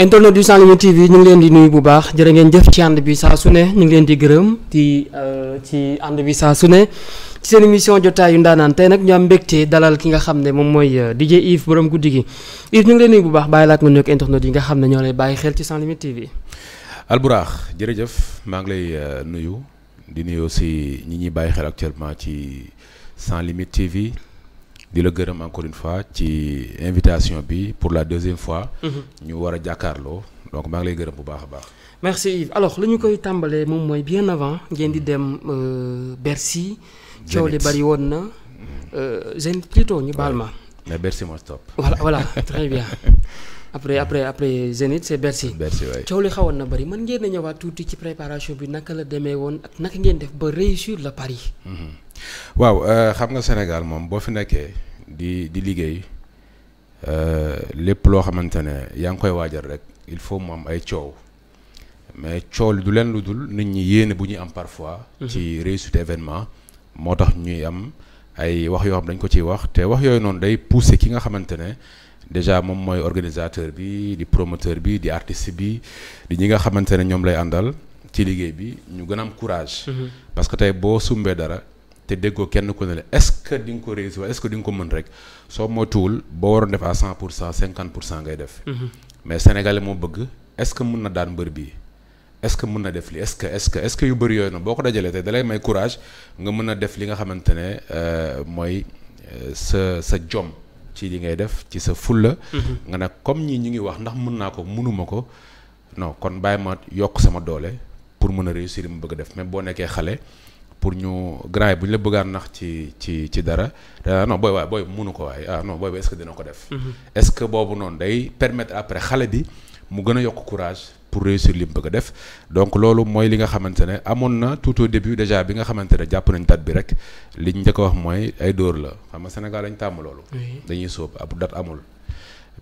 internet yu sans limite TV ñu ngi leen di nuyu bu baax jërë ngeen jëf ci ànd bi saa su ne ñu ngi leen di gërëm di euh, ci ànd bi saa su ne ci seen émission jotaayu ndaanaan tey nag ñu am dalal ki nga xam ne moom mooy euh, DJ Yves borom guddi gi Yves ñu ngi leen nuyu bu baax bàyyi laat nga nekk internet yi nga xam ne ñoo lay bàyyi xel ci sans limite TV. Alburax jërëjëf maa ngi lay euh, nuyu di nuyu aussi ñi bàyyi xel actuellement ci sans limite TV. di la gërëm encore fois ci invitation bi pour la deuxième fois. Mhm. ñu war a jàkkaarloo donc maa ngi lay gërëm bu baax a baax. merci Yves alors ñu koy tàmbalee moom mooy bien avant ngeen di dem euh, Bercy. coow li bari woon na. Euh, Zénith plutôt ñu baal ma. mais Bercy moo stop. voilà voilà très bien. après après après Zénith c'est Bercy. Bercy coow li xawoon na bari mën ngeen ñëwaat tuuti ci préparation bi naka la demee woon ak naka ngeen def ba réussir le pari. Mhm. waaw euh, xam nga Sénégal moom boo fi nekkee. di di liggéey euh, lépp loo xamante ne yaa ngi koy waajal rek il faut mu ay coow mais coow li du leen lu dul nit ñi yéene bu ñuy am parfois. Mhm. ci réussite événement moo tax ñuy am ay wax yoo xam dañ ko ciy wax te wax yooyu noonu day pousser ki nga xamante ne. déjà moom mooy organisateur bi di promoteur bi di artiste bi di ñi nga xamante ne ñoom lay àndal ci liggéey bi ñu gën am courage. Mhm. parce tey boo sumbee dara te déggoo kenn ku ne la est-ce ko réussir est-ce que di nga ko mën rek soo moytuwul boo waroon def à cent pour cent cinquante pour cent ngay def. Mhm. mais sénégalais moo bëgg est-ce que mën na daan mbër bii est-ce que mën na def li est que est-ce que est-ce que nga mën a def li nga xamante ne euh, mooy euh, sa sa jom ci li ngay def ci sa fulla mhm. nga nag comme ñii ñu ngi wax ndax mën naa ko mënuma ko no kon bàyyi ma yokk sama doole pour mën a réussir mu bëgg def mais boo nekkee xale. pour ñu grand yi bu ñu la bëggaan nax ci ci ci dara ah non booy waay booy munu ko waay ah non booy ba est que dina ko def mhm. est-ce que boobu noonu day permettre après xale bi mu gën a yokk courage pour réussir li bëgg a def donc loolu mooy li nga xamante ne amoon na tout au début déjà bi nga xamante ne jàpp nañ date bi rek li ñu wax mooy ay dóor la xam nga Sénégal dañ tàmm loolu dañuy sóob ab date amul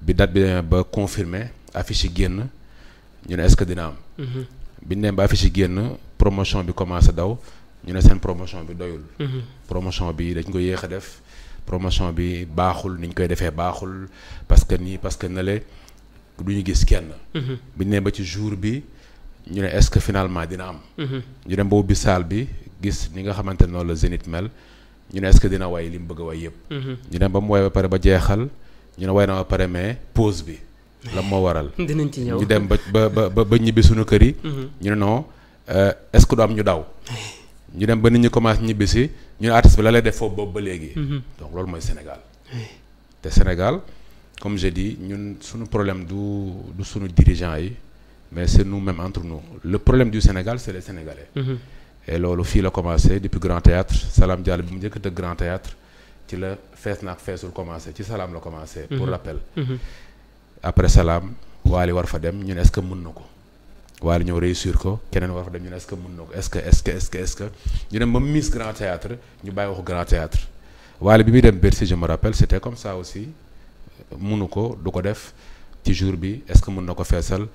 bi date bi demee ba confirmé affiche yi génn ñu ne est-ce que dina am mhm. biñ demee ba affiche génn promotion bi commencé daw ñu ne seen promotion bi doyul. Mhm. promotion bi dañ ko yéex a def promotion bi baaxul ni ñu koy defee baaxul parce que nii parce que nale du ñu gis kenn. Mhm. bu nee ba ci jour bi ñu ne est-ce que finalement dina am. Mhm. ñu dem ba ubbi saal bi gis ni nga xamante ne noonu la Zénith mel ñu ne est-ce dina way li mu bëgg a way yëpp. ñu dem ba mu way ba pare ba jeexal ñu ne way na ba pare mais pose bi. la moo waral. dinañ ci ñëw ñu dem ba ba ba ñibbi suñu kër yi. ñu ne non euh, est-ce du am ñu daw. ñu dem ba nit ñu commencé ñibbisi ñu ne artiste bi la lay def foofu boobu ba léegi. Mhm. donc loolu mooy Sénégal. te Sénégal comme je di ñun suñu problème du du suñu dirigeant yi mais c'est nous-mêmes entre nous le problème du Sénégal c'est les Sénégalais. Mhm. et loolu fii la commencé depuis Grand Théâtre Salam Diallo bi mu njëkk tëgg Grand Théâtre ci la fees na ak feesul commencé ci Salam la commencé. pour mhm. rappel. après Salam Wally war fa dem ñun est mun na ko. waaye ñëw réussir ko keneen war fa dem ñu ne est-ce na ko est-ce que est-ce que est ñu dem ba Miss Grand Théâtre ñu bàyyi waxu Grand Théâtre waaye bi muy dem Bercy je me rappelle c'était comme ça aussi mënu ko du ko def ci jour bi est-ce que mën na ko feesal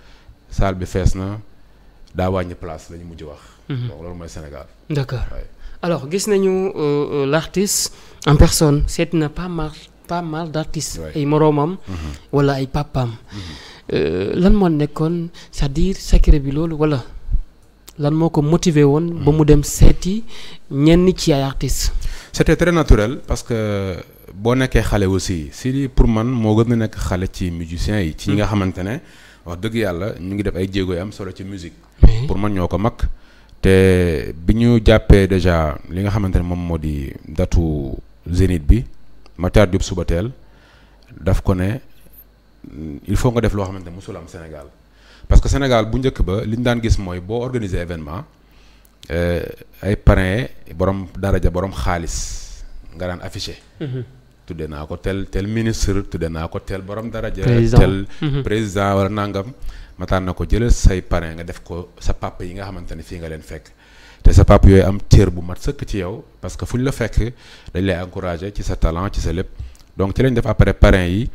salle bi fees na daa wàññi place la ñu mujj wax. Mhm. donc loolu mooy Sénégal. d'accord alors gis nañu euh, euh, l'artiste en personne seet na pas mal pas mal d'artistes. ay moroomam. Mhm. wala ay papaam. Mhm. Euh, lan moo nekkoon c'est-à-dire secret bi loolu wala lan moo ko motiver woon. ba mu dem seeti ñenn ci ay artistes. c'était très naturel parce que boo nekkee xale aussi Sidy pour man moo gën a nekk xale ci musiciens yi. ci ñi nga hmm. xamante ne wax dëgg yàlla ñu ngi def ay jéego yu am solo ci musique. pour man ñoo ko mag. te bi ñu jàppee déjà li nga xamante ne moom moo di datu zénith bi Matar Diop suba teel daf ko ne. il faut nga def loo xamante mosul musul am Sénégal parce que Sénégal bu njëkk ba li ñu daan gis mooy boo organiser événement euh, ay parrain borom daraja borom xaalis nga daan affiché. Mhm. tudde naa ko tel tel ministre tudde naa ko tel borom daraja. tel mhm. président wala nangam. mataan na ko jëlal say parrain nga def ko sa papa yi nga xamante ne fii nga leen fekk. te sa pap yooyu am cër bu mat sëkk ci yow parce que fu ñu la fekk dañ lay encouragé ci sa talent ci sa lépp donc ci lañ def après parrain yi.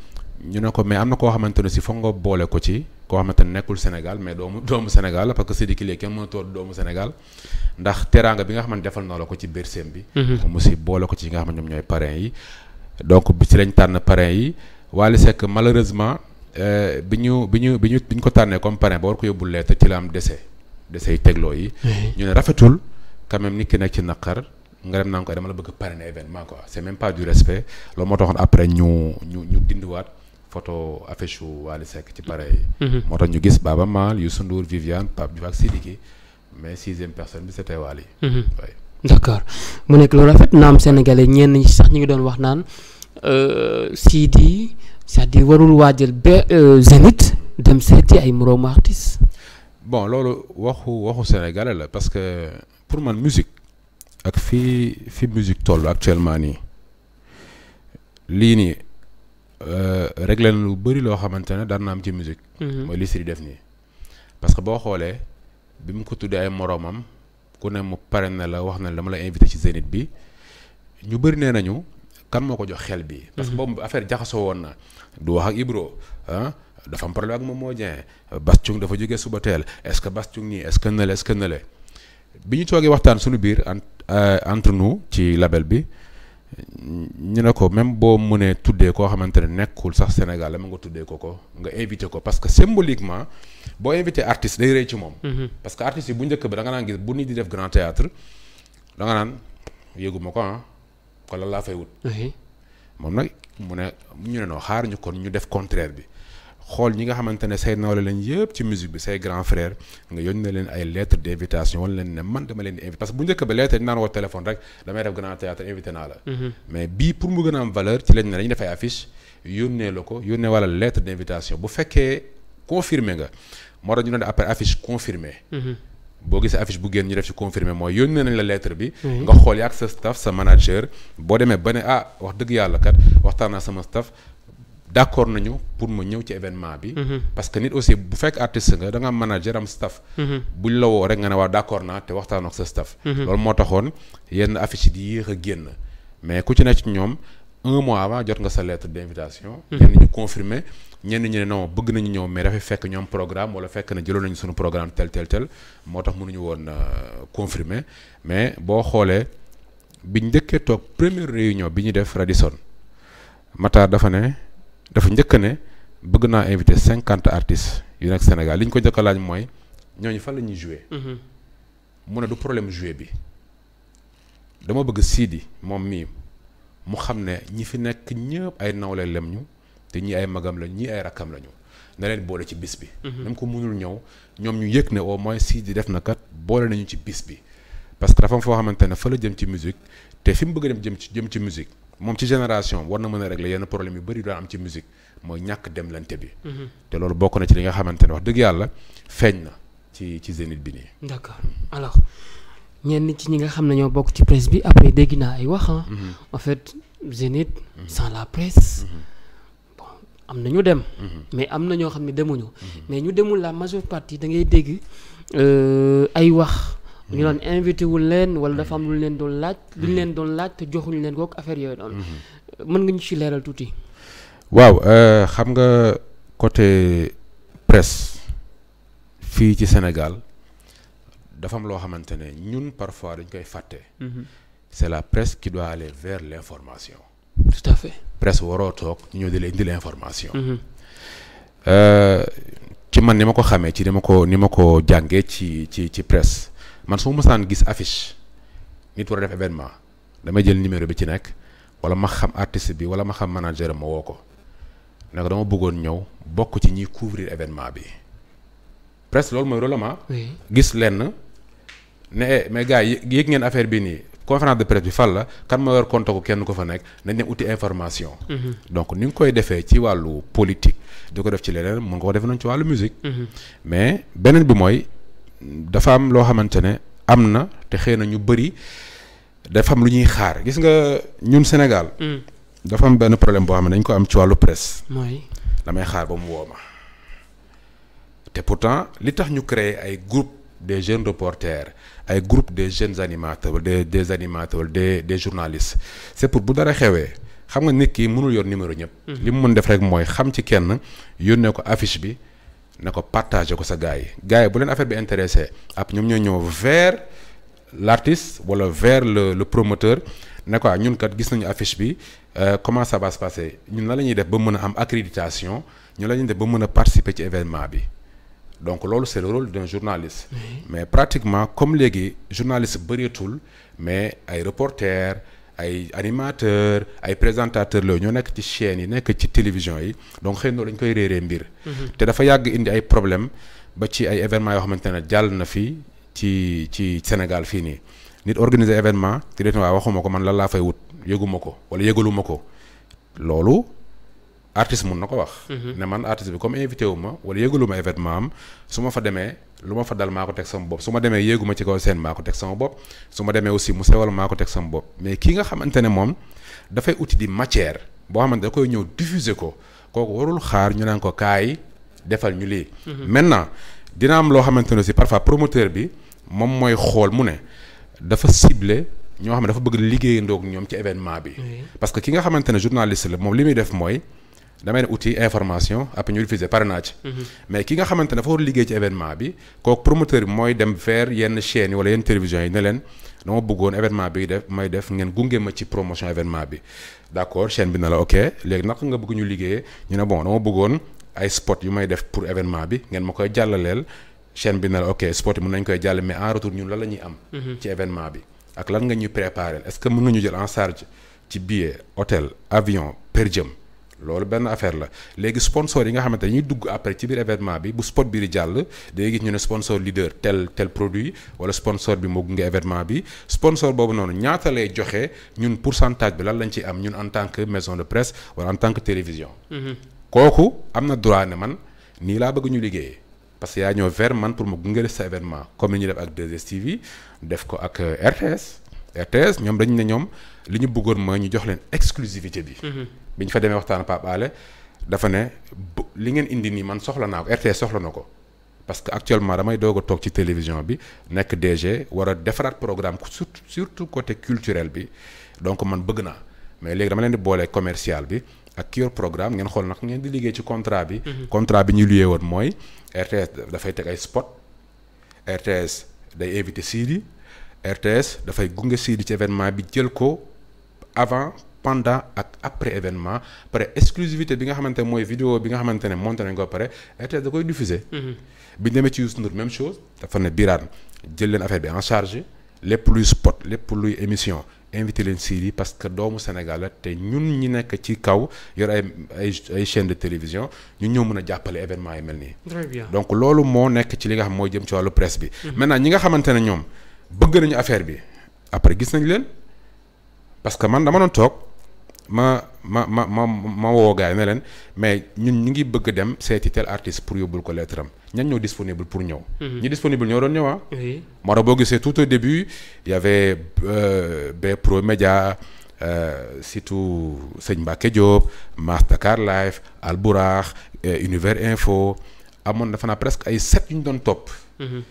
ñu ne ko mais am na koo xamante ne si foog nga boole ko ci koo xamante nekkul Sénégal mais doomu doomu Sénégal parce que Sidiki Ly kenn mënatoo doomu Sénégal ndax teraanga bi nga xam ne defal na la ko ci biir sem bi. Mhm. mu si boole ko ci yi nga xam ne ñoom ñooy parrains yi. donc bi si lañ tànn parrains yi Wally Seck malheureusement euh, bi ñu bi ñu bi ñu ko tànnee comme parrain ba war ko yóbbul lettre ci la am décès décès yi tegloo yi. ñu ne rafetul quand même nit ci naqar. nga dem naa ko dama la bëgg parrainer événement quoi c'est même pas du ñu ñu dindiwaat. photo affiche wu Wally Seck ci pare mhm. moo tax ñu gis Baaba Maal Youssou Ndour Viviane Pape Diouf ak Sidiki mais sixième personne bi c'était Wally. waaye. Mhm. mu nekk loolu rafet naam sénégalais ñenn ñi sax ñu ngi doon wax naan euh, Sidi c'est-à-dire warul waajal ba euh, Zénith dem seeti ay moroomu artistes. bon loolu waxu waxu sénégalais la parce que pour man musique ak fi fi musique toll actuellement nii lii nii. Euh, réglé na lu bëri loo xamante ne daan na am ci musique mhm. mooy li def nii parce que boo xoolee bi mu ko tuddee ay moroomam ku ne mu pare na la wax na la dama la invité ci Zénith bi ñu bëri nee nañu kan moo ko jox xel bi mhm. parce que boobu affaire jaxasoo woon na du wax ak Ibro ah dafa am ak moom moo jeen Bass Thioung dafa jógee suba teel est-ce que Bass nii est-ce que nële est nële bi ñu toogee waxtaan suñu biir euh, entre nous ci label bi ñu ne ko même boo mënee tuddee koo xamante ne nekkul sax Sénégal la ma nga tuddee ko ko nga invité ko parce que symboliquement boo invité artiste day rëy ci moom. Mm-hmm. parce que artistes yi bu njëkk ba da nga naan gis bu nit di def grand théâtre da naan yëguma ko ah ko lan laa fay wut. moom nag mu ne ñu ne noo xaar ñu ko ñu def contraire bi. xool ñi nga xamante ne say nawle lañ yëpp ci musique bi say grand frère nga yónnee leen ay lettre d' invitation wala leen ne man dama leen di invité parce que bu njëkk ba lettre dinaan woo téléphone rek damay def grand théâtre invité la mhm. mais bii pour mu gën valeur ci lañ ne dañuy def ay affiche yónnee la ko yónnee wala lettre d' bu fekkee confirmé nga moo tax ñu doon après affiche mhm. boo gisee affiche bu génn ñu def ci confirmé mooy yónnee nañ la lettre bi. Mhm. nga xool yaa ak sa staff sa manager boo demee ba ne ah wax dëgg yàlla kat waxtaan naa sama staff d'accord nañu pour ma ñëw ci événement bi. Mhm. parce que nit aussi bu fekk artiste nga da nga am manager am staff. Mhm. buñ la woo rek nga ne waaw d'accord naa te waxtaan ak sa staff. Mhm. loolu moo taxoon yenn afficie di yéex a génn mais ku ci ne ci ñoom un mois avant jot nga sa lettre d'invitation. ñenn ñu confirmer ñenn ñu ne non bëgg nañu ñëw mais dafay fekk ñoom programme wala fekk na jëloon nañu sunu programme tel tel tel moo tax mënuñu woon euh, confirmer mais boo xoolee biñ njëkkee toog première réunion bi ñu def Radisson Matar dafa ne. dafa njëkk ne bëgg naa invité cinquante artistes yu nekk Sénégal liñ ko njëkk a mooy ñooñu fan la ñuy joué. Mhm. mu ne du problème joué bi dama bëgg Sidi moom mii mu xam ne ñi fi nekk ñëpp ay nawle lem ñu te ñii ay magam la ñii ay rakkam la ñu na leen boole ci bis bi. na ko mënul ñëw ñoom ñu yëg ne au moins Sidi def na kat boole nañu ci bis bi parce que dafa am foo xamante ne fa la jëm ci musique te fi mu bëgg dem jëm ci jëm ci musique. moom ci génération war na mën a régler yenn problème yu bëri doon am ci musique mooy ñàkk demlante bi. Mhm. te loolu bokk na ci li nga xamante ne wax dëgg yàlla feeñ na ci ci zénith bi nii. d'accord alors ñenn ci ñi nga xam ne ñoo bokk ci presse bi après dégg naa ay wax mhm. en fait zénith. Mhm. sans la presse. am na ñu dem. mais am na ñoo xam ne demuñu. mais ñu demul la majeure partie dangay dégg euh, ay wax. ñu doon invité wul leen wala dafa am lu ñu leen doon laaj mhm. leen doon laaj te joxuñu leen kook affaire yooyu noonu mhm. mën nga ñu ci leeral tuuti waaw euh, xam nga côté presse fii ci Sénégal dafa am loo xamante ne ñun parfois dañ koy fàtte mhm. c'est la presse qui doit aller ver l'information tout à fait presse waroo toog ñu ñëw di la indi euh, ci man ni ma ko xamee ci ni ma ko ni ma ko jàngee ci ci ci presse man su ma mësaan gis affice nit war a def événement damay jël numéro bi ci nekk wala ma xam artiste bi wala ma xam manager ma woo ko ne dama bëggoon ñëw bokk ci ñiy couvrir événement bi presque loolu mooy relama ah. gis lenn ne eh, mais gars yi yëg ngeen affaire bi nii conférence de presse bi fan la kan ma war konta ko kenn ko fa nekk nañ dem uti information. Mhm. donc ni nga koy defee ci wàllu politique. di ko def ci leneen mun nga ko def nañ ci wàllu musique. Mhm. mais beneen bi mooy. dafa am loo xamante ne am na te xëy na ñu bëri dafa am lu ñuy xaar gis nga ñun Sénégal. Mm. dafa am benn problème boo xam ne dañ ko am ci wàllu presse. mooy damay xaar ba mu woo ma te pourtant li tax ñu créer ay groupe des jeunes reporters ay groupe des jeunes animateurs de des animateurs des des journalistes c'est pour bu dara xewee xam nga nit ki mënul yoon numéro ñëpp. Mm-hmm. li mu mën def rek mooy xam ci kenn yónnee ko affiche bi. ne ko partagé ko sa gars yi gars yi bu leen affaire bi intéressé ab ñoom ñoo ñëw ver l' artiste wala vers le le promoteur ne ko ah, ñun kat gis nañu affiche bi euh, comment ça va se passer ñun la la ñuy def ba mën a am accréditation ñu la ñuy def ba mën a participer ci événement bi donc loolu c' est le rôle d'un journaliste. mais pratiquement comme léegi journaliste bëreetul mais ay reporter ay animateur ay présentateur la ñoo nekk ci chaîne yi nekk ci télévision yi donc xëy na dañ koy réeree mbir. Mhm. te dafa yàgg indi ay problème ba ci ay événements yoo xamante ne jàll na fi ci ci Sénégal fii nii nit organiser événement te de waaw waxuma ko man lan laa fay wut yëguma ko wala yëgaluma ko loolu. artiste mun na ko wax. Mhm. ne man artiste bi comme invité wu ma wala yëgalu ma événement am su ma fa demee lu ma fa dal maa ko teg sama bopp su ma demee yéegu ci kaw seen maa ko teg sama su ma demee aussi mu sewal maa ko teg sama bopp mais kii nga xamante ne moom dafay uti di matière boo xamante da koy ñëw diffuser ko kooku warul xaar ñu naan ko kaay defal ñu lii. Mhm. maintenant dina am loo xamante ne aussi parfois promoteur bi moom mooy xool mu ne dafa ciblé. ñoo xam ne dafa bëgg liggéeyandoo ak ñoom ci événement bi. parce que ki nga xamante ne journaliste la moom li muy def mooy. damay ne outil information après ñu diffuser parrainage mhm. mais ki nga xamante ne dafa war liggéey ci événement bi kooku promoteur bi mooy dem vers yenn chaînes yi wala yenn télévision yi ne leen dama bëggoon événement bi def may def ngeen gunge a ci promotion événement bi d'accord chaîne bi na la ok léegi naka nga bëgg ñu liggéeyee ñu ne bon dama bëggoon ay spot yu may def pour événement bi ngeen ma koy jàllaleel chaîne bi na la ok spot koy jàll mais en ñun lan la ñuy am mhm. ci bi ak lan nga ñuy préparer ce que mën nga ñu jël en ci billet hôtel avion per loolu benn affaire la léegi sponsor yi nga xamante dañuy dugg après ci biir événement bi bu spot bi di jàll day gis ñu ne sponsor leader tel tel produit wala sponsor bi moo gunge événement bi sponsor boobu noonu ñaata lay joxe ñun pourcentage bi lan lañ ci am ñun en tant que maison de presse wala en tant que télévision. Mm-hmm. kooku am na droit ne man nii laa bëgg ñu liggéeyee. parce que yaa ñëw vers man pour ma gunge sa événement comme ni ñu def ak 2STV def ko ak euh, RTS ñoom dañu ne ñoom li ñu bëggoon mooy ñu jox leen exclusivité bi. Mhm. bi ñu fa demee waxtaan Pape Alé dafa ne li ngeen indi nii man soxla naa ko RTS soxla na ko. parce que actuellement damay doog a toog ci télévision bi nekk DG war a defaraat programme surtout surtout côté culturel bi donc man bëgg naa mais léegi dama leen di boole commercial bi ak ki yor programme ngeen xool nag ngeen di liggéey ci contrat bi. Mhm. contrat bi ñu luyee woon mooy RTS dafay teg ay spot RTS day invité Sidi RTS dafay gunge Sidy ci événement bi jël ko avant pendant ak après événement pare exclusivité bi nga xamante mooy vidéo bi nga xamante ne monté nañ ko pare RTS da koy diffuser. Mhm. bi ñu demee ci même chose dafa ne Birane jël leen affaire bi en charge lépp luy spot lépp luy émission invité leen Sidy parce que doomu Sénégal te ñun ñi nekk ci kaw yor ay ay de télévision ñu ñëw mën a jàppale événement yi mel nii. donc loolu moo nekk ci li nga xam mooy jëm ci wàllu presse bi. Mhm. maintenant ñi nga xamante ne ñoom. bëgg nañu affaire bi après gis nañ leen parce que man dama doon toog ma ma ma ma ma woo gars yi leen mais ñun ñu ngi bëgg a dem seeti tel artiste pour yóbbul ko lettre am ñan ñoo disponible pour ñëw. Mhm. ñi disponible ñoo doon ñëw ah. Mara boo gisee tout au début y avait euh, B Pro Média euh, surtout sëñ Mbacke Diop Mars Dakar Live Alburax euh, Info amoon dafa naa presque ay sept yu ñu doon topp. Mhm.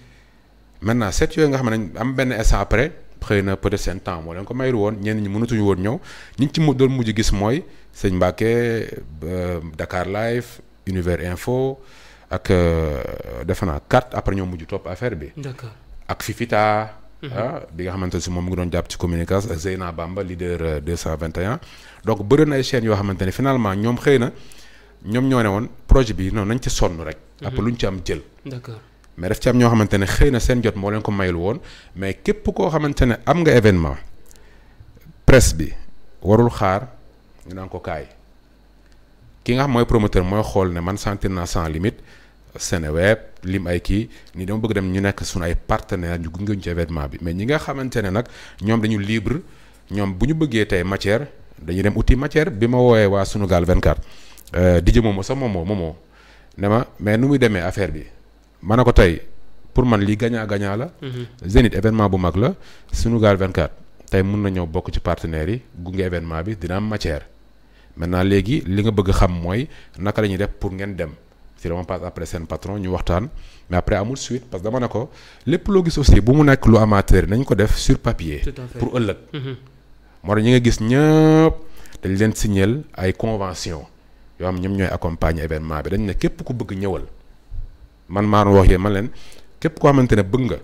maintenant set yooyu nga xam ne am benn instant après xëy na peut-être seen temps moo leen ko mayru woon ñenn ñi mënatuñu woon ñëw ñi ci mu doon mujj gis mooy sëñ Mbacke euh, Dakar Live Univers Info ak euh, defe naa carte après ñoo mujj topp affaire bi. d'accord ak Fifita. Mhm. Ah, bi nga xamante si moom mu ngi doon jàpp ci communication ak euh, Zeyna Bamba leader 221. donc bëri na ay chaînes yoo xamante ne finalement ñoom xëy na ñoom ñoo ne woon projet bi noonu nañ ci sonn rek. Mhm. après lu ci am jël. d'accord mais daf ci am ñoo xamante ne xëy na seen jot moo leen ko mayul woon mais képp koo xamante ne am nga événement presse bi warul xaar ñu naan ko kaay ki nga xam mooy promoteur mooy xool ne man sentir naa sans limite Seneweb lim ay kii ni dama bëgg dem ñu nekk suñu ay partenaire ñu gunge ñu ci événement bi mais ñi nga xamante ne nag ñoom dañu libre ñoom bu ñu bëggee tey matière dañuy dem outil matière bi ma woowee waa Sunugal 24 euh, di jë moomo sax moomoo moomoo ne ma mais nu muy demee affaire bi ma ne ko tey pour man lii gagnant gañaa la. Mhm. Zénith événement bu mag la Sunugal 24 tey mun na ñëw bokk ci partenaires yi gunge événement bi dina am matière maintenant léegi li nga bëgg xam mooy naka la ñuy def pour ngeen dem. si dama passe après seen patron ñu waxtaan mais après amul suite parce que dama ne ko lépp loo gis aussi bu mu nekk lu amateur nañ ko def sur papier. pour ëllëg. Mhm. moo tax ñi nga gis ñëpp dañ leen signal ay convention yoo xam ñoom ñooy accompagner événement bi dañ ne képp ku bëgg ñëwal. man maa doon wax yéen man leen képp koo xamante ne bëgg nga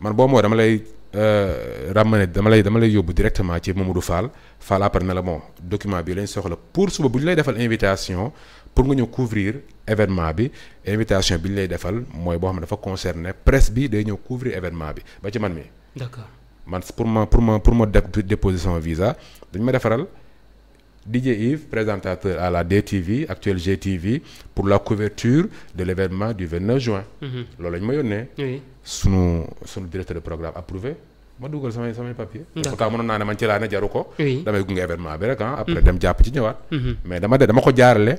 man boo moo dama lay euh, ramener dama lay dama lay yóbbu directement ci Mamadou Fall Fall après na la bon document bi lañ soxla pour suba bu ñu lay defal invitation pour nga ñëw couvrir événement bi invitation bi ñu lay defal mooy boo xam ne dafa concerné presse bi day ñëw couvrir événement bi ba ci man mi d'accord man pour ma pour ma pour ma déposer sama visa dañ ma defaral. DJ Yves présentateur à la DTV actuelle GTV pour la couverture de l'événement du juin. Mhm. loolu la ma yónnee. oui sunu sunu directeur de programme approuvé. ma dugal samay samay papier. d'accord ci ah. mhm. mhm. dama de dama ko jaarale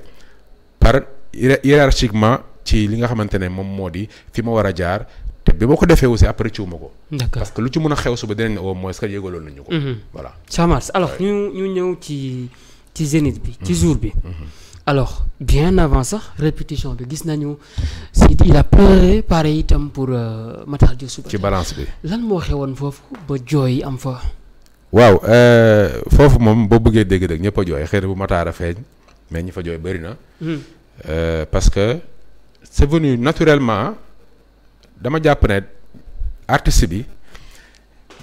par hiérarchiquement ci li nga xamante ne moom moo di fi ma war a jaar te bi ma ko defee aussi après ciw ma ko. d'accord parce que lu ci mën a xew suba dinañ ne au moins que yëgaloon nañu ko. voilà ça marche alors ñu ñëw ci. ci zénith bi ci jour bi mhm. Mhm. alors bien avant sax répétition bi gis nañu si il a pleuré itam pour euh, Matar Diop Soubatel ci balance bi lan moo xewoon foofu ba jooy am fa waaw euh, foofu moom boo bëggee dégg dëgg ñëpp a jooy xëy bu Matar a feeñ mais ñi fa jooy bëri na hmm. euh, parce que c'est venu naturellement dama jàpp ne artiste bi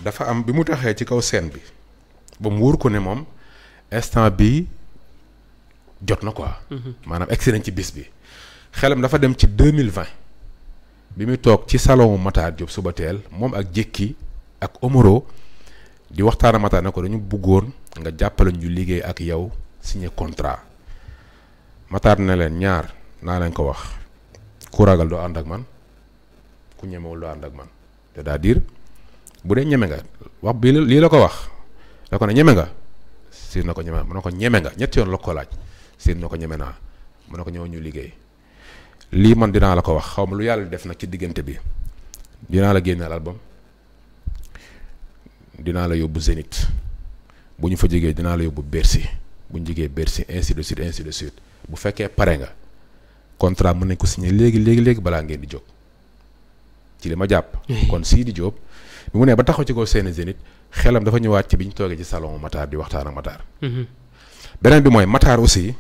dafa am bi mu taxee ci kaw scène bi ba mu wóor ko ne moom instant bi jot na quoi. Mhm. maanaam egsi nañ ci bis bi. xelam dafa dem ci deux mille vingt bi muy toog ci salon Matar Diop suba teel moom ak Jékki ak Omoro di waxtaan Matar ne ko dañu bëggoon nga jàppale ñu liggéey ak yow signé contrat Matar ne leen ñaar naa leen ko wax ku ragal doo ànd ak man ku ñemewul doo ànd ak man c'est-à-dire bu dee ñeme nga wax bi lii la ko wax da ko ne ñeme nga. si na ko ñeme mu ne ko ñeme nga ñetti yoon la ko laaj si na ko ñeme naa mu ne ko ñëw ñu liggéey lii man dinaa la ko wax xaw ma lu yàlla def nag ci diggante bi dinaa la génneel album dinaa la yóbbu Zénith bu ñu fa jegee dinaa la yóbbu Bercy bu ñu jógee Bercy ainsi de suite bu fekkee pare nga contrat mën nañ ko signé léegi léegi léegi balaa ngeen di jóg ci li ma jàpp. kon Sidi Diop. bi mu ne ba taxaw ci kaw seen zénith xelam dafa ñëwaat ci bi ñu toogee ci salon Matar di waxtaan ak Matar. Mm-hmm. beneen bi mooy Matar aussi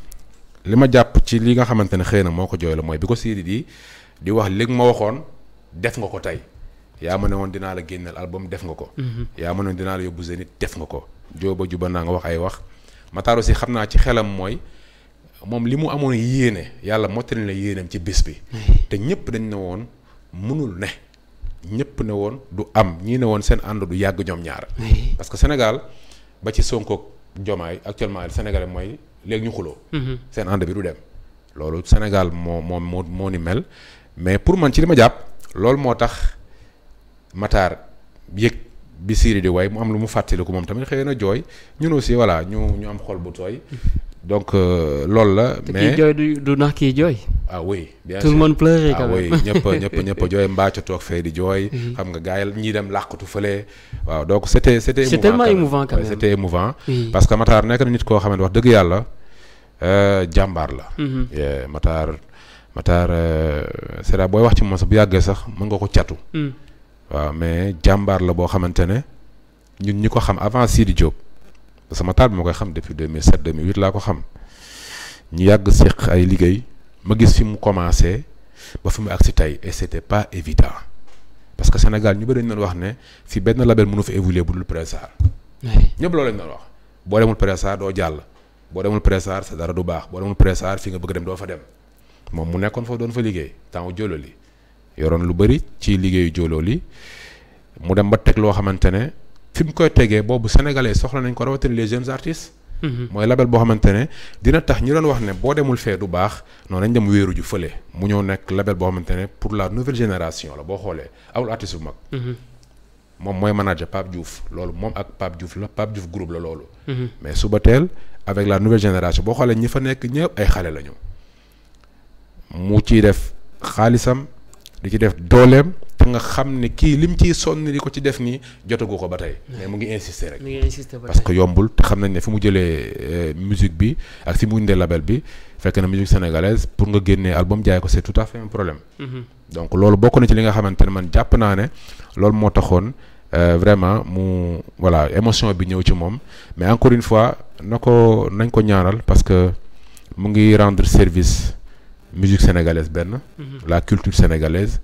li ma jàpp ci li nga xamante ne xëy na moo ko jooy la mooy bi ko Sidi di di wax li ma waxoon def nga ko tey yaa ma ne woon dinaa la génneel album def nga ko. Mm-hmm. yaa ma ne woon dinaa la yóbbu zénith def nga ko. jooba juba naa nga wax ay wax Matar aussi xam naa ci xelam mooy. moom li mu amoon yéene yàlla mottali na yéeneem ci bis bi. Mm-hmm. te ñëpp dañ ne woon mënul ne. ñëpp ne woon du am ñii ne woon seen ànd du yàgg ñoom ñaar. parce que Sénégal ba ci Sonko Jomaay actuellement Sénégalais mooy léegi ñu xuloo. Mhm. seen ànd bi du dem. loolu Sénégal moo moo moo moo ni mel mais pour man ci li ma jàpp loolu moo tax Matar yëg bi Siri di way mu am lu mu fàttaliku moom tamit xëy na jooy ñu ñun aussi voilà ñu ñu am xol bu tooy. Mhm. donc euh, loolu la. mais du du nax kii jooy. ah oui bien sûr tout le monde pleurait quand ah ñëpp jooy mbaa ca toog fee di jooy. Mhm. xam nga gars yi ñii dem làqatu fële. waaw donc c' était c' est tellement émouvant quand même c' parce que Matar nekk na nit koo xamante wax dëgg yàlla euh, jàmbaar la. Mhm. Matar Matar euh, c' est booy wax ci moom sax bu yàggee sax mun nga ko catu. Mm. waaw mais jàmbaar la boo xamante ne ñun ñu ko xam avant Sidi Diop. parce que Matar bi ma koy xam depuis 2007 2008 laa ko xam ñu yàgg seq ay liggéey ma gis fi mu commencé ba fi mu agsi tey et c'était pas évident parce que Sénégal ñu bëri dañu doon wax ne fi benn label mënu fa évoluer bu dul Présar. ñëpp loolu lañ doon wax boo demul Présar doo jàll boo demul Présar sa dara du baax boo demul Présar fi nga bëgg dem doo fa dem moom mu nekkoon foofu doon fa liggéey temps jololi yoroon lu bëri ci liggéeyu jololi mu dem ba loo xamante ne. fi mu koy tegee boobu sénégalais soxla nañ ko rawatina les jeunes artistes. Mhm. mooy label boo xamante ne dina tax ñi doon wax ne boo demul fee du baax noonu nañ dem wéeru ju fële mu ñëw nekk label boo xamante ne pour la nouvelle génération la boo xoolee awul artiste bu mag. Mhm. moom mooy manager Pape Diouf loolu moom ak Pape Diouf la Pape Diouf groupe la loolu. Mhm. mais suba teel avec la nouvelle génération boo xoolee ñi fa nekk ñëpp ay xale la ñu. mu ci def xaalisam. di ci def dooleem te nga xam ne kii lim ciy sonn di ko ci def nii jotagu ko ba tey. mais mu ngi insister rek. mu ngi insister parce que yombul te xam nañ ne fi mu jëlee euh, musique bi ak si mu indee label bi fekk na musique sénégalaise pour nga génnee album jaay ko c'est tout à fait un problème. Mm-hmm. donc loolu bokk na ci li nga xamante ne man jàpp naa ne loolu moo taxoon. Euh, vraiment mu voilà émotion bi ñëw ci moom mais encore une fois na ko nañ ko ñaanal parce que mu ngi rendre service musique sénégalaise benn. Mhm. la culture sénégalaise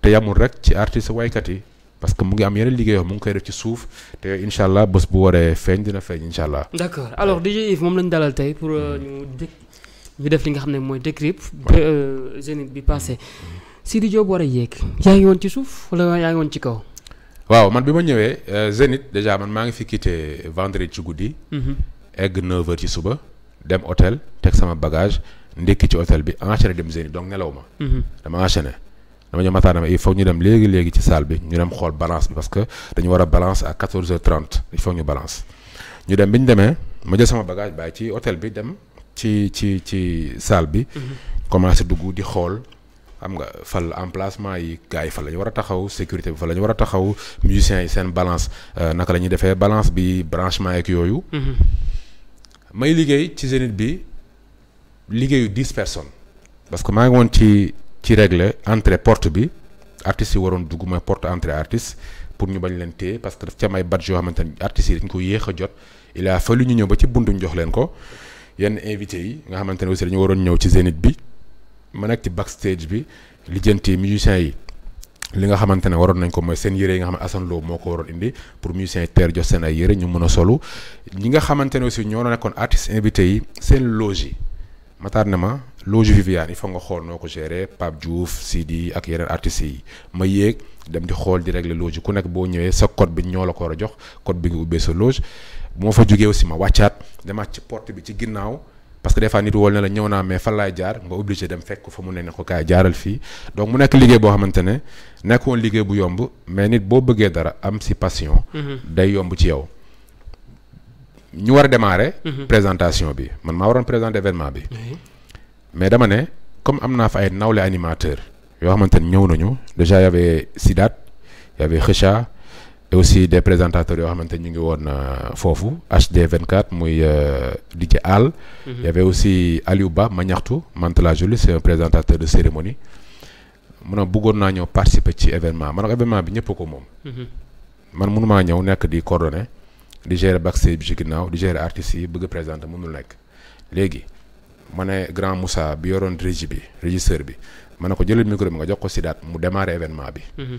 te yamul rek ci artiste waykat yi parce que mu ngi am yeneen liggéeyoo mu ngi koy def ci suuf te incha allah bés bu waree feeñ dina feeñ incha allah. d' accord alors DJ moom lañu dalal tey pour euh, mhm. ñu dé ñu def li nga xam ne mooy décrypte. Euh, zénith bi passé mhm. si di war a yéeg. yaa ngi woon ci suuf wala yaa ngi woon ci kaw. waaw man bi ma ñëwee euh, Zénith déjà man maa ngi fi quitté vendredi ci guddi. egg 9h ci suba dem hôtel teg sama bagage. ndékki ci hôtel bi enchaîné dem Zénith donc nelaw ma. Mhm. dama enchaîné dama ñëw Matar il faut ñu dem léegi léegi ci salle bi ñu dem xool balance bi parce que dañu war a balance à 14h30 il faut ñu balance. ñu dem bi ñu demee ma jël sama bagage bàyyi ci hôtel bi dem ci ci ci salle bi. Mhm. commencé dugg di xool. xam nga fal emplacement yi gars yi fan la ñu war a taxaw sécurité bi fan la ñu war a taxaw musiciens yi seen balance euh, naka la ñuy defee balance bi branchement yeeg yooyu. Mhm. liggéeyu dix personnes. parce que maa ngi woon ci ci régler entrée porte bi artistes yi waroon dugg mooy porte entrée artiste pour ñu bañ leen téye parce que daf ca may badge yoo xamante ni artistes yi dañ ko yéex a jot il a lu ñu ñëw ba ci ñu jox leen ko yenn invité yi nga xamante ne aussi dañu waroon ñëw ci Zénith bi ma nekk ci backstage bi lijjanti musiciens yi. li nga xamante ne waroon nañ ko mooy seen yére yi nga xam ne Assane moo ko waroon indi pour musiciens yi teer jox seen ay yére ñu mën a solu ñi nga xamante ne aussi ñoo nekkoon artistes invités yi seen loge Matar ne ma loge Viviane il faut nga xool noo ko gérer Pape Diouf Sidi ak yeneen artistes yi ma yéeg dem di xool di régler loge ku nekk boo ñëwee sa code bi ñoo la ko war a jox code bi nga ubbee sa loge moo fa jógee aussi ma wàccaat demaat ci porte bi ci ginnaaw parce que des fois nit wool na la ñëw naa mais fan laay jaar nga obligé dem fekk fa mu ne ne ko kaay jaaral fii donc mu nekk liggéey boo xamante ne nekkoon liggéey bu yomb mais nit boo bëggee dara am si passion. Mm-hmm. day yomb ci yow. ñu war a démarrer. Mhm. présentation bi man maa waroon présenter événement bi. mais dama ne comme am naa fa ay nawle animateur yoo xamante ni ñëw nañu déjà y avait Sidat y avait Kheucha et aussi des présentateurs yoo xamante ñu ngi woon euh, foofu HD24 muy euh, DJ Al. Mhm. y avait aussi Aliou Ba Mañaxtu Mantala Jolie c'est un présentateur de cérémonie mu ne bëggoon naa ñëw participer ci événement man nag événement bi ñëpp ko moom. Mhm. man mënumaa ñëw nekk di coordonner. di gérer backstage bi ci ginnaaw di gérer artistes yi bëgg présenter mënul nekk léegi ma ne grand Moussa bi yoroon régie bi régisseur bi ma ne ko jëlal micro bi nga jox ko Sidaat mu démarrer événement bi. Mhm.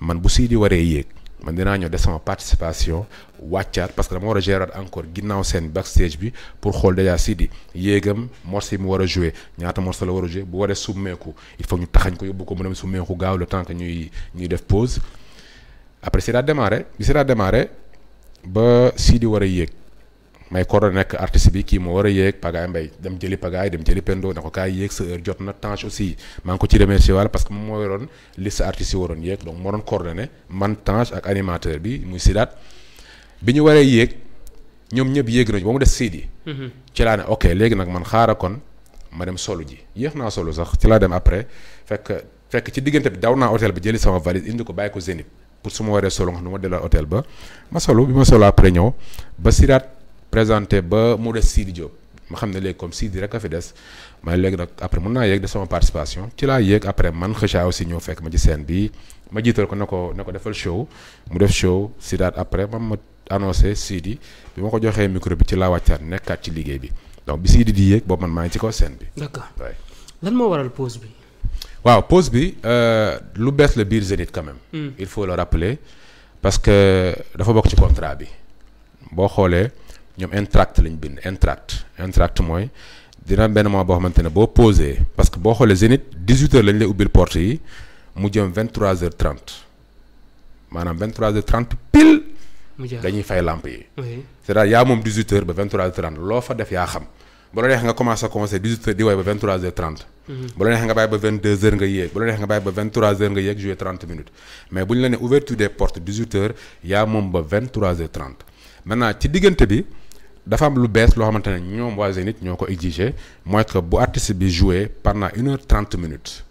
man bu di waree yéeg. man dinaa ñoo def sama participation wàccaat parce que dama war a gérer encore ginnaaw seen backstage bi pour xool déjà Sidi yéegam morceau yi mu war a joué ñaata morceau la war a joué bu waree summeeku il faut ñu taxañ ko yóbbu ko mu dem summeeku gaaw le temps que ñuy ñuy def pause après Sidaat démarré bi Sidaat démarré. ba Sidi war a yéeg may koro nekk artiste bi kii moo war a yéeg Pagaye mbay dem jëli Pagaye dem jëli Pendo ne ko kaay yéeg sa heure jot na Tange aussi maa ngi ko ci remercier walla parce que moom moo yoroon liste artistes yi waroon yéeg donc moo doon coordonné man Tange ak animateur bi muy Sidaat bi ñu waree yéeg ñoom ñëpp yéeg nañu ba mu des Sidi. Mhm. ci laa ne ok léegi nag man xaaral kon ma dem solu ji yéex naa solu sax ci laa dem après fekk fekk ci diggante bi daw naa hôtel bi jëli sama valise indi ko bàyyi ko pour su ma waree solo nga xam ne ma delluwaat hôtel ba ma solo bi ma solo après ñëw ba Siraat présenté ba mu des Sidi Diop ma xam ne léegi comme Sidi rek a fi des ma léegi nag après mun naa yéeg de sama participation ci laa yéeg après man Kheucha aussi ñëw fekk ma ci seen bi ma jiital ko na ko na ko defal show mu def show Siraat après man ma annoncé Sidi bi ma ko joxee micro bi ci laa wàccaat nekkaat ci liggéey bi donc bi Sidi di yéeg boobu man maa ngi ci kaw seen bi. d'accord lan moo waaw pause bi euh, lu bees la biir Zénith quand même. Hmm. il faut la rappeler parce que dafa bokk ci contrat bi boo xoolee ñoom intract lañ bind intract intract mooy dina benn moment boo xamante ne boo posé parce que boo xoolee Zénith 18 lañ lay ubbil porte yi mu jëm 23 heures 30 maanaam 23 heures 30 pile. dañuy fay lamp yi. c'est-à-dire yaa moom 18 ba 23 heures loo fa def yaa xam. boo la neexee nga commencé commencé 18h di woy ba 23h30. Mhm. bu la neexee nga bàyyi ba 22h nga yéeg bu la neexee nga bàyyi ba yéeg jouer 30 minutes mais bu ñu la nee ouverture des portes 18h yaa moom ba 23 ci diggante bi. dafa am lu bees loo xamante ne ñoom waa Zénith ñoo ko exiger mooy que bu artiste bi joué pendant une heure trente minutes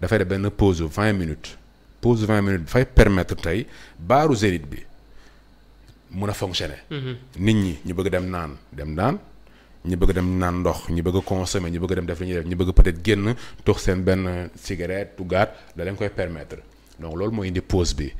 dafay def benn pose vingt minutes pause vingt minutes dafay permettre tey baaru Zénith bi mun a fonctionner. Mhm. nit ñi ñu bëgg dem naan dem daan ñu bëgg dem naan ndox ñi bëgg a consommer ñi bëgg dem def li ñu def ñi bëgg peut-être génn tux seen benn cigarette tuggaat da leen koy permettre donc loolu mooy indi pause bi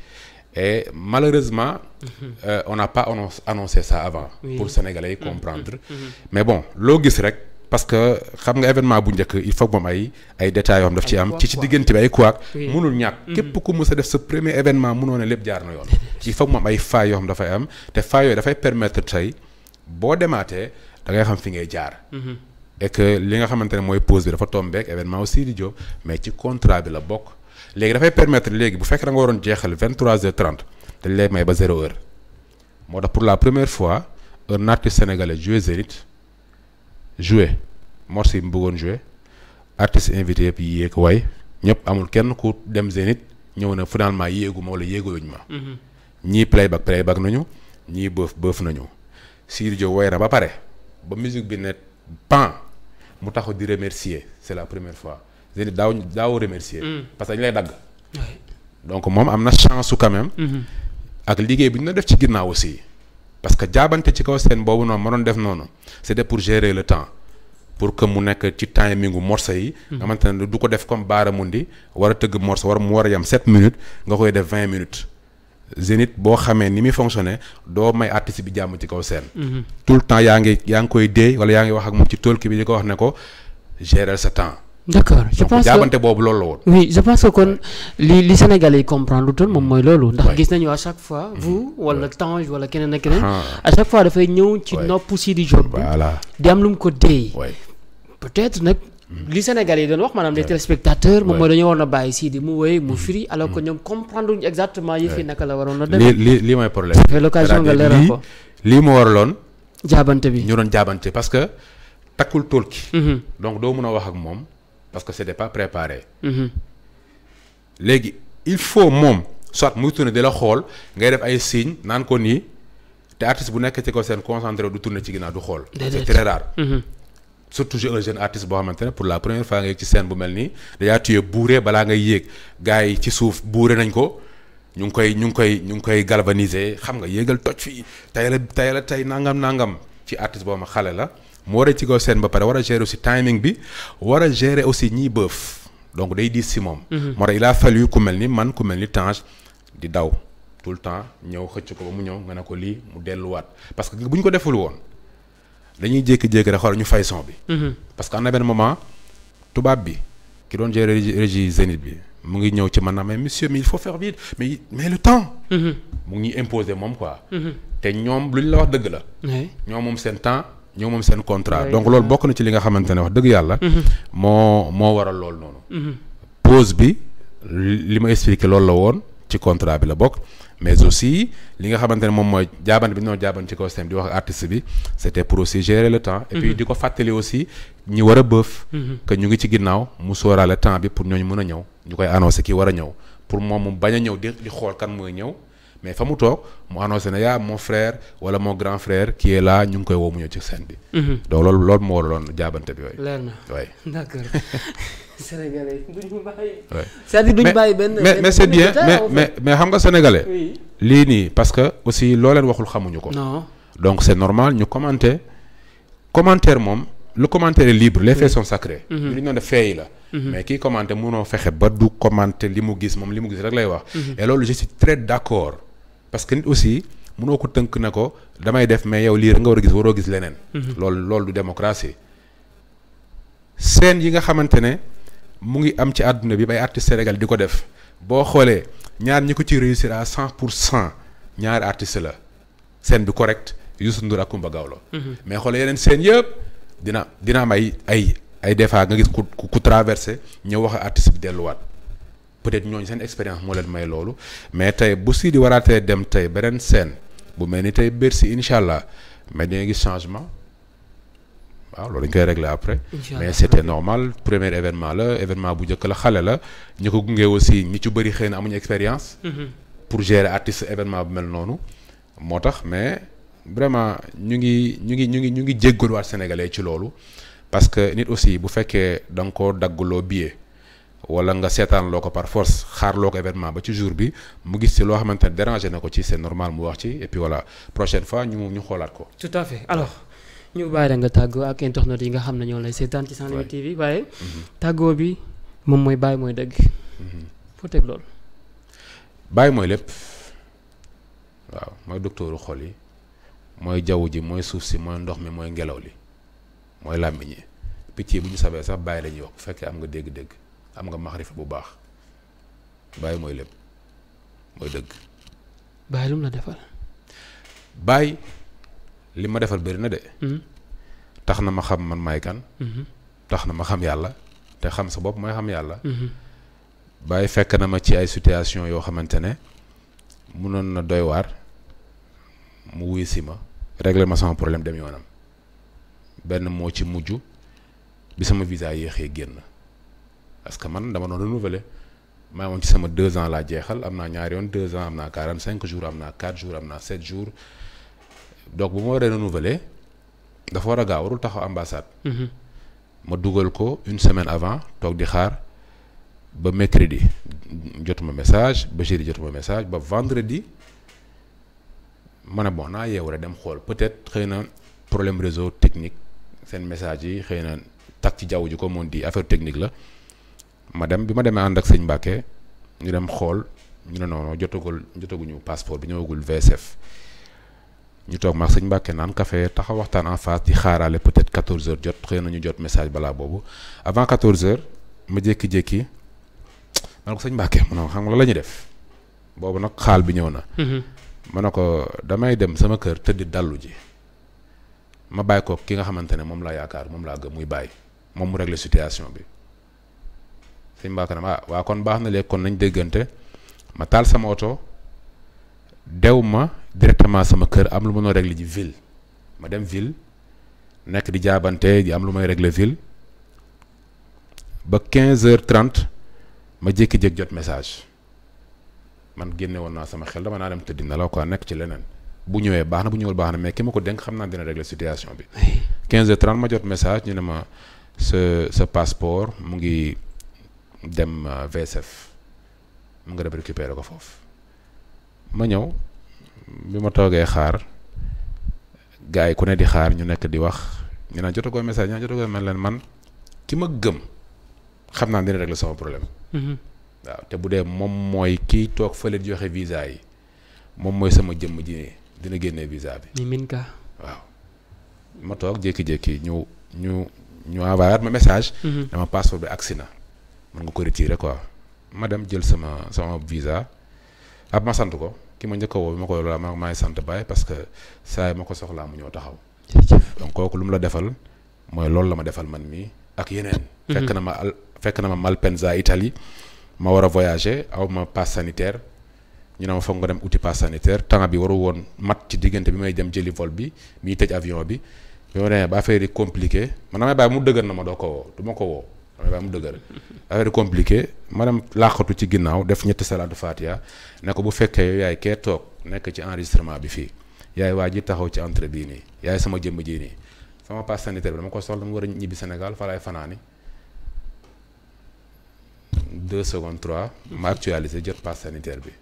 e malheureusement mhm. euh, on n'a pas annoncé ça avant pour sénégalais yi mhm. comprendre mhm. mais bon loo gis rek parce que xam nga événement bu njëkk il faut que moom ay ay yoo xam daf ci am ci ci diggante bi ay kuwaak mënul ñàkk képp ku mës a def sa premier événement mënoo ne lépp jaar na yoon il faut que ay failles yoo dafay am te failles dafay permettre tey boo demaatee da ngay xam fi ngay jaar. Mm-hmm. et li nga xamante ne mooy pause bi dafa tombeek événement aussi di Diop mais ci contrat bi la bokk léegi dafay permettre léegi bu fekk da nga waroon jeexal vingt trois trente dañ lay may ba zéro heure moo tax pour la première fois un artiste sénégalais joué Zénith joué morceau yi mu bëggoon joué artiste invité yëpp yéeg woy ñëpp amul kenn ku dem Zénith ñëw na finalement yéegu ma wala yéegooñu ma. Mm-hmm. ñii playback playback nañu ñii bëf bëf nañu Sidy Diop way na ba pare. ba musique bi ne pan mu taxaw di remercier c'est la première fois c'est-à-dire daaw daaw remercier. Mm. parce que dañ lay dagg. donc moom am na chance su quand mm-hmm. ak liggéey bi ñu la def ci ginnaaw aussi. parce que jaabante ci kaw seen boobu noonu ma doon def noonu c'était pour gérer le temps pour que mu nekk ci timingu morceau yi. Mm-hmm. nga xamante ne du ko def comme baaramundi war a tëgg morceau war mu war a yem 7 minutes nga koy def vingt minutes. Zénith boo xamee ni muy fonctionné doo may artiste bi jàmm ci kaw seen mhm. tout le temps yaa ngi yaa ngi koy dee wala yaa ngi wax ak moom ci tool bi di ko wax ne ko gérer sa temps. d'accord je pense que kon li li Sénégalais yi comprendre lu toll moom mooy loolu. ndax gis nañu à chaque fois. Mhm. vous wala Tange wala keneen ak keneen. Ah. à chaque fois dafay ñëw ci nopp Sidi Diop. voilà di am lu mu ko dee. peut-être nag. li Sénégal yi doon wax maanaam les téléspectateurs moom mooy dañoo war na bàyyi Sidi mu wéy mu mm-hmm. firi alors que mm-hmm. ñoom comprendre luñu exactement yëf yi naka la waroon na demee lii lii mooy problème c'est l'occasion nga leeral ko lii parce que takkul tólki mm-hmm. donc doo mën a wax ak moom parce que c'était pas préparé léegi il faut moom soit muy tourné di la xool ngay def ay signes naan ko nii te artiste bu nekk ci ko seen concentré du tourné ci ginnaaw du xool c'est très rare surtout j'ai un jeune artiste boo xamante ne pour la première fois nga yéeg ci scène bu mel nii déjà tu es balaa ngay yéeg gars yi ci suuf buure nañ ko ñu ngi koy ñu ngi koy ñu ngi koy galvaniser xam nga yéegal toj fii tey la tey la tey nangam nangam ci artiste boo ma xale la mu war a ci kaw scène ba pare war a gérer aussi timing bi war a gérer aussi ñiy bëf donc day diis si moom. Mhm. moo tax il a fallu ku mel ni man ku mel ni Tange di daw tout le temps ñëw xëcc ko mu ñëw nga ne ko lii mu delluwaat parce que bu ñu ko deful woon. dañuy jékki-jékki rek xool ñu fay son bi. Mhm. parce que am na benn moment tubaab bi ki doon gérer régie Zénith bi mu ngi ñëw ci man mais monsieur mais il faut faire vite mais le temps. Mhm. mu ngi imposer moom quoi. Mhm. te ñoom lu ñu la wax dëgg la. ñoom moom seen temps. ñoo moom seen contrat donc loolu bokk na ci li nga xamante ne wax dëgg yàlla. moo moo waral lool noonu. pause bi li ma expliqué loolu la woon ci contrat bi la bokk. mais aussi li nga xamante ne moom mooy jaabante bi ñoo jaaban ci kaw système di wax artiste bi c'était pour aussi le temps et puis mhm. di ko fàttali aussi ñi war a bëf mhm. que ñu ngi ci ginnaaw mu sóoraale temps bi pour ñu mën a ñëw ñu koy annoncé kii war a ñëw pour moom mu bañ a ñëw di di xool kan mooy ñëw mais fa mu toog mu annoncé ne yaa mon frère wala mon ñu ngi koy woo mu ñëw ci scène bi. Mhm. donc loolu moo waraloon jaabante bi yooyu. leer na waay d'accord. Sénégalais duñu bàyyi. oui cest mais mais mais xam nga sénégalais. lii nii parce que aussi looleen waxul xamuñu ko. non donc c'est normal ñu commenter commentaire moom. lu commentaire est libre les faits sont mhm. li ñu doon def fee la. Mhm. mais kiy commenter mënoo fexe ba du commenter li mu gis moom li mu gis rek lay wax. loolu je suis d'accord. parce que nit aussi mënoo ko tënk na ko damay def mais yow lii rek nga war a gis waroo gis leneen. Mhm. loolu loolu du démocratie. scène yi nga xamante ne mu ngi am ci àdduna bi bay artistes Sénégal di ko def boo xoolee ñaar ñi ko ci réussir à cent pour cent ñaari artistes la scène bi correct Youssou Ndour ak Coumba Gawlo mhm. mais xoolee yeneen scène yëpp dina dina am ay ay ay des fois nga gis ku ku traversé ñëw wax artiste delluwaat. peut-être ñooñu seen expérience moo leen may loolu mais tey bu si di waraatee dem tey beneen seen bu mel ni tey Bercy incha allah mais dañuy gis changement waaw loolu dañ koy régler après. mais c'était normal première événement la événement bu njëkk la xale la ñu ko gunge aussi ñi ci bëri xëy na amuñu expérience. Mm-hmm. pour gérer artiste événement bu mel noonu moo tax mais. vraiment ñu ngi ñu ngi ñu ngi ñu ngi jéggaluwaat sénégalais ci loolu parce que nit aussi bu fekkee da nga koo wala nga seetaan loo ko par force xaar loo ko événement ba ci jour bi mu gis ci loo xamante ne dérangé na ko ci c'est normal mu wax ci et puis voilà prochaine fois ñu ñu xoolaat ko. tout à fait alors. ñu bàyyi la nga tàggoo ak internet yi nga xam ne ñoo lay seetaan ci Sans Limites TV waaye mm-hmm. tàggoo bi moom mooy bàyyi mooy dëgg foo mm-hmm. teg loolu bàyyi mooy lépp waaw mooy doktooru xol yi mooy jaww ji mooy suuf si mooy ndox mi mooy ngelaw li mooy làmmiñ yi picc yi bu ñu sabee sax la ñuy wax bu fekkee am nga dégg-dégg am nga maxarifa bu baax bàyyi mooy lépp mooy dëgg. bàyyi lu mu la li ma defal bëri na de. Hmm. tax na ma xam man maay kan. Hmm. tax na ma xam yàlla te xam sa bopp mooy xam yàlla. Hmm. bàyyi fekk na ma ci ay situation yoo xamante ne munoon na doy waar mu wuy si ma régler ma sama problème dem yoonam benn moo ci mujj bi sama visa yéexee génn. parce que man dama doon renouveler maa woon ci sama deux ans laa jeexal am naa ñaari yoon deux ans am naa quarante cinq jours am naa quatre jours am naa sept jours donc bu ma waree renouveler dafa war a gaaw warul taxaw ambassade. Mhm. ma dugal ko une semaine avant toog di xaar ba mercredi jotuma message ba jeudi jotuma message ba vendredi ma ne bon naa yeewu rek dem xool peut-être xëy na problème réseau technique seen message yi xëy na tak ci jaww ji ko on di affaire technique la. ma dem bi ma demee ànd ak sëñ Mbàkke ñu dem xool ñu ne noonu jotagul jotaguñu passeport bi ñëwagul VSF ñu toog maag sëñ Mbàkke naan café taxaw waxtaan en face di xaaraale peut-être 14 heures jot xëy nañu jot message balaa boobu avant 14 heures ma jékki-jékki ma ne ko sëñ Mbàkke mu ne xam nga la def boobu nag xaal bi ñëw na. Mm-hmm. ma ne ko damay dem sama kër tëdd dallu ji ma bàyyi ko ki nga xamante ne moom laa yaakaar moom laa gëm muy bàyyi moom mu situation bi. sëñ Mbacke ne ma ah waaw kon baax na léegi kon nañ déggante ma taal sama oto dew ma directement sama kër am lu ma noo régler ji ville ma dem ville nekk di jaabante ji am lu may régler ville ba 15 heures 30 ma jékki-jékki jot message man génne woon naa sama xel dama naa dem tëddi nelaw quoi nekk ci leneen bu ñëwee baax na bu ñëwul baax na mais ki ma ko dénk xam naa dina régler situation bi. 15 heures ma jot message ñu ne ma sa sa passeport mu ngi. dem euh, VSF mu nga dem récupérer ko foofu ma ñëw bi ma toogee xaar gars yi ku ne di xaar ñu nekk di wax ñu naan jotagoo message ñu naan jotagoo mel leen man ki ma gëm xam naa dina régler sama problème. Mhm. waaw te toog fële di joxe moom mooy sama jëmm ji génnee visa bi. ni min waaw ma toog jékki-jékki ñu ñu ñu envoyé ma message. Mhm. dama passeport bi agsi na. man nga ko retirer quoi ma dem jël sama sama visa ab ma sant ko ki ma njëkk a woo bi ma koy laa ma maay sant baay parce que saa ma ko soxlaa mu ñëw taxaw donc kooku lu mu la defal mooy loolu la ma defal man mii ak yeneen mhm. fekk na ma al fekk na ma Malpensa Italie ma war a voyager aw ma passe ñu ne ma foog nga dem uti passe sanitaire temps bi waru woon mat ci diggante bi may dem jëli vol bi miy tëj avion bi bi ma demee affaire yi compliqué man damay bàyyi mu dëgër na ma doo ko woo du ma ko woo waaye ba mu dëgër affaire compliqué maanaam laaxatu ci ginnaaw def ñetti salaatu fatiha ne ko bu fekkee yow yaay kee toog nekk ci enregistrement bi fii yaay waa ji taxaw ci entrée bii nii yaay sama jëmm ji nii sama passe sanitaire bi dama ko soxla mu war a ñibbi Sénégal fa laay fanaani deux secondes trois ma jot passe sanitaire bi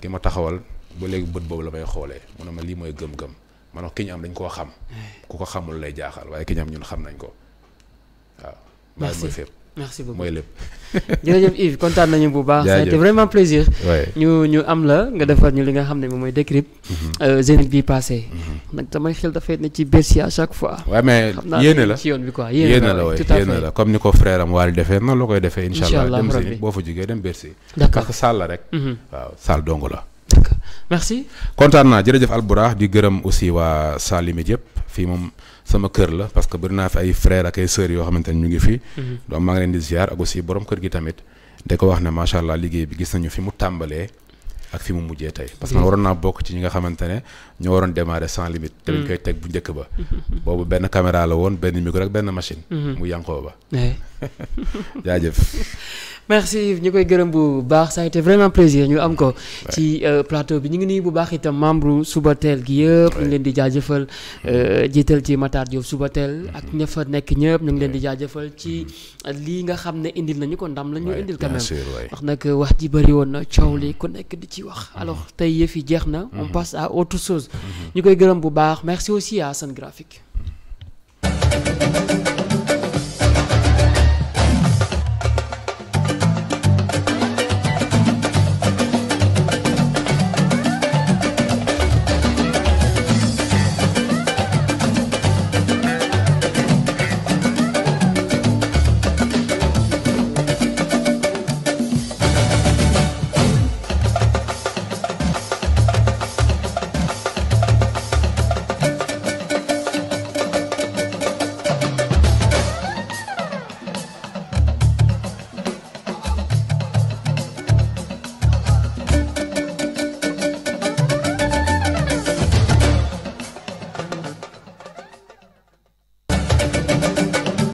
ki ma taxawal ba léegi bët boobu la may xoolee mu ne ma lii mooy gëm-gëm ma ne ki ñu am dañ koo xam eh. ku ko xamul lay jaaxal waaye ki ñun xam nañ ko waaw merci merci beaucoup mooy lépp. jërëjëf Yves kontaan nañu bu baax. ça a été vraiment plaisir. ñu ñu am la nga defar ñu li nga xam ne moom mooy décrypte. Zénith mhm. euh, bii passé. Mhm. nag damay xel dafay ne ci Bercy à chaque fois. waaw mais yéene la ci yoon bi quoi yéene la waay yéene la comme ni ko frère am waali defee noonu la koy defee. incha allah dem Zénith boo fa jugee dem Bercy. d' accord parce la rek. Mhm. waaw salle dong la. d' merci. kontaan naa jërëjëf Albourakh di gërëm aussi waa Salim yëpp. fii moom sama kër la parce que bëri naa fi ay frères ak ay sœurs yoo xamante ñu ngi fi. Mhm. donc maa ngi leen di ziar ak aussi kër gi tamit da ko wax ne macha allah liggéey bi gis nañu fi mu tàmbalee ak fi mu mujjee tey. parce que man mhm. waroon naa bokk ci ñi nga xamante ne ñoo waroon démarrer sans limite. te dañ mhm. koy teg bu njëkk ba. boobu benn caméra la woon benn micro ak benn machine. mu yànqoo ba. jaajëf. merci ñu koy gërëm bu baax ça a été vraiment plaisir ñu am ko. ci euh, plateau bi ñu ngi nii bu baax itam membre suba teel gi yëpp. ñu leen di jaajëfal euh, mm-hmm. jiital ci Matar Diop suba teel mm-hmm. ak ña nekk ñëpp ñu ngi leen di jaajëfal ci lii nga xam ne indil nañu ko ndam lañu indil. quand même wax nag wax ji bëri woon na coow li ku nekk di ci wax. Mm-hmm. alors tey yëf yi jeex na. on passe à autre chose. ñu koy gërëm bu baax merci aussi à Assane Graphique.